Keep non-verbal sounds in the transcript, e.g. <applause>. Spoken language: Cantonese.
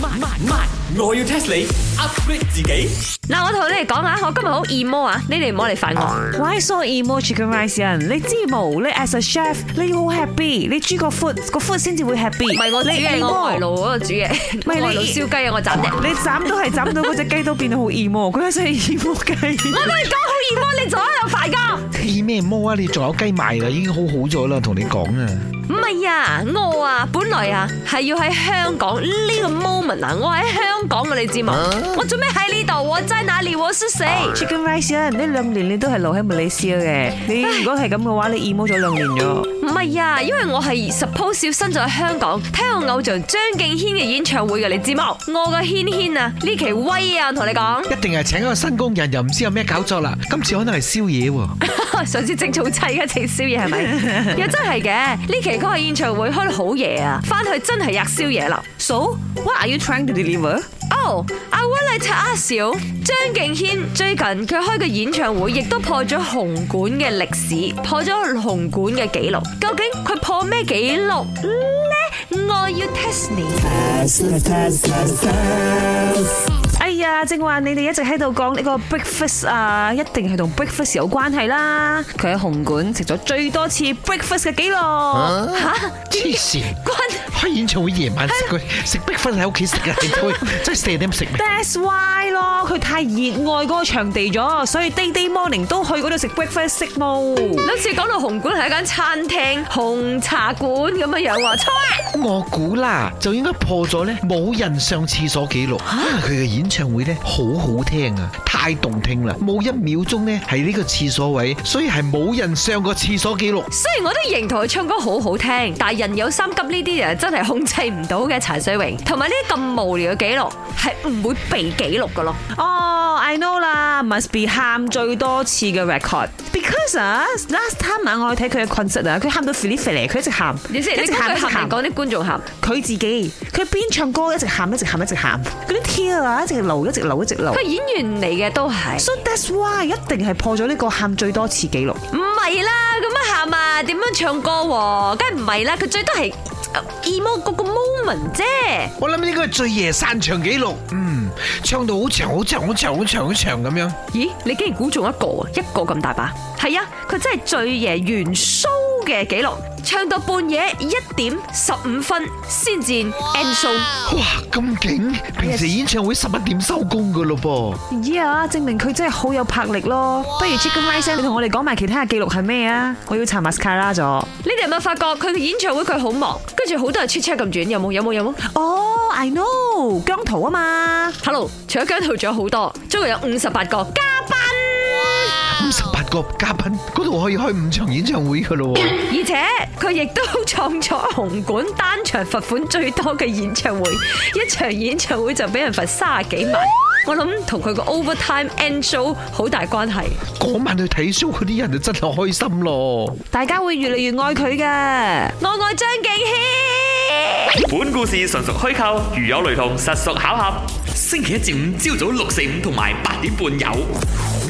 My, my, my 我要 test 你 upgrade 自己。嗱，我同你哋講啊，我今日好 emo 啊，你哋唔好嚟煩我。Why so emo, chicken rice 人？你知冇？你 as a chef，你要好 happy，你煮個 food，個 food 先至會 happy。唔係我煮嘢，我外佬嗰度煮嘢，外佬燒雞啊，我斬你。你斬到係斬到嗰隻雞都變好 emo，佢係真係 emo 雞。我都你講好 emo，你仲喺度快架？起咩魔啊？你仲有雞賣啦？已經好好咗啦，同你講啊！唔係啊，我啊本來啊係要喺香港呢、這個 moment 啊，我喺香港嘅你知冇、啊？我做咩喺呢度？我真係哪裏？我衰死。Chicken rice 啊，呢兩年你都係留喺馬來西亞嘅，你如果係咁嘅話，唉 你 emo 咗兩年咗。唔係啊，因為我係 suppose 要身在香港睇我偶像張敬軒嘅演唱會嘅，你知冇？我個軒軒啊呢期威啊同你講，一定係請一個新工人，又唔知有咩搞作啦。今次可能係宵夜喎、啊， <laughs> 上次蒸草雞嘅請宵夜係咪？又 <laughs> 真係嘅呢期。佢喺演唱會開得好夜啊，翻去真係食宵夜啦。So what are you trying to deliver? Oh, I want to ask you，張敬軒最近佢開嘅演唱會亦都破咗紅館嘅歷史，破咗紅館嘅紀錄。究竟佢破咩紀錄呢？我要 test me。啊！正話你哋一直喺度講呢個 breakfast 啊，一定係同 breakfast 有關係啦。佢喺紅館食咗最多次 breakfast 嘅記錄。吓蛤！黐線關開演唱會夜晚食佢的，食 breakfast 喺屋企食嘅，真係四點食。That's why。佢太熱愛嗰個場地咗，所以《Day Day Morning》都去嗰度食 breakfast 食冇。嗱，次講到紅館係一間餐廳、紅茶館咁樣樣喎，錯，我估啦，就應該破咗咧冇人上廁所記錄，因為佢嘅演唱會咧好好聽啊，太動聽啦，冇一秒鐘咧係呢個廁所位，所以係冇人上過廁所記錄。雖然我都認同佢唱歌好好聽，但係人有三急，呢啲人真係控制唔到嘅。柴水榮同埋呢啲咁無聊嘅記錄係唔會被記錄噶咯。哦、oh，I know 啦，must be 喊最多次嘅 record，because last time 啊，我去睇佢嘅 concert 啊，佢喊到肥肥嚟，佢一直喊，一直喊，一直喊，講啲觀眾喊，佢自己，佢邊唱歌一直喊，一直喊，一直喊，嗰啲跳啊，一直流，一直流，一直流，佢演員嚟嘅都係，so that's why 一定係破咗呢個喊最多次記錄，唔係啦，咁樣喊啊點樣唱歌，梗係唔係啦，佢最多係。二毛嗰個 moment 啫，我諗應該係最夜散場紀錄，嗯，唱到好長好長好長好長好長咁樣。咦，你竟然估中一個，啊？一個咁大把，係啊，佢真係最夜元素。嘅記錄，唱到半夜一點十五分先至 end show。哇，咁勁！平時演唱會十一點收工噶咯噃。咦啊，證明佢真係好有魄力咯。不如 check 你同我哋講埋其他嘅記錄係咩啊？我要查 mascara 咗。你哋有冇發覺佢嘅演唱會佢好忙，跟住好多日出 check 咁轉。有冇有冇有冇？哦、oh,，I know，江濤啊嘛。Hello，除咗姜濤仲有好多，總共有五十八個加班。五十八個嘉賓，嗰度可以開五場演唱會噶咯，而且佢亦都創咗紅館單場罰款最多嘅演唱會，一場演唱會就俾人罰卅幾萬，我諗同佢個 Overtime Angel 好大關係。嗰晚去睇 show，佢啲人就真係開心咯，大家會越嚟越愛佢噶，我愛張敬軒。本故事純屬虛構，如有雷同，實屬巧合。星期一至五朝早六四五同埋八點半有。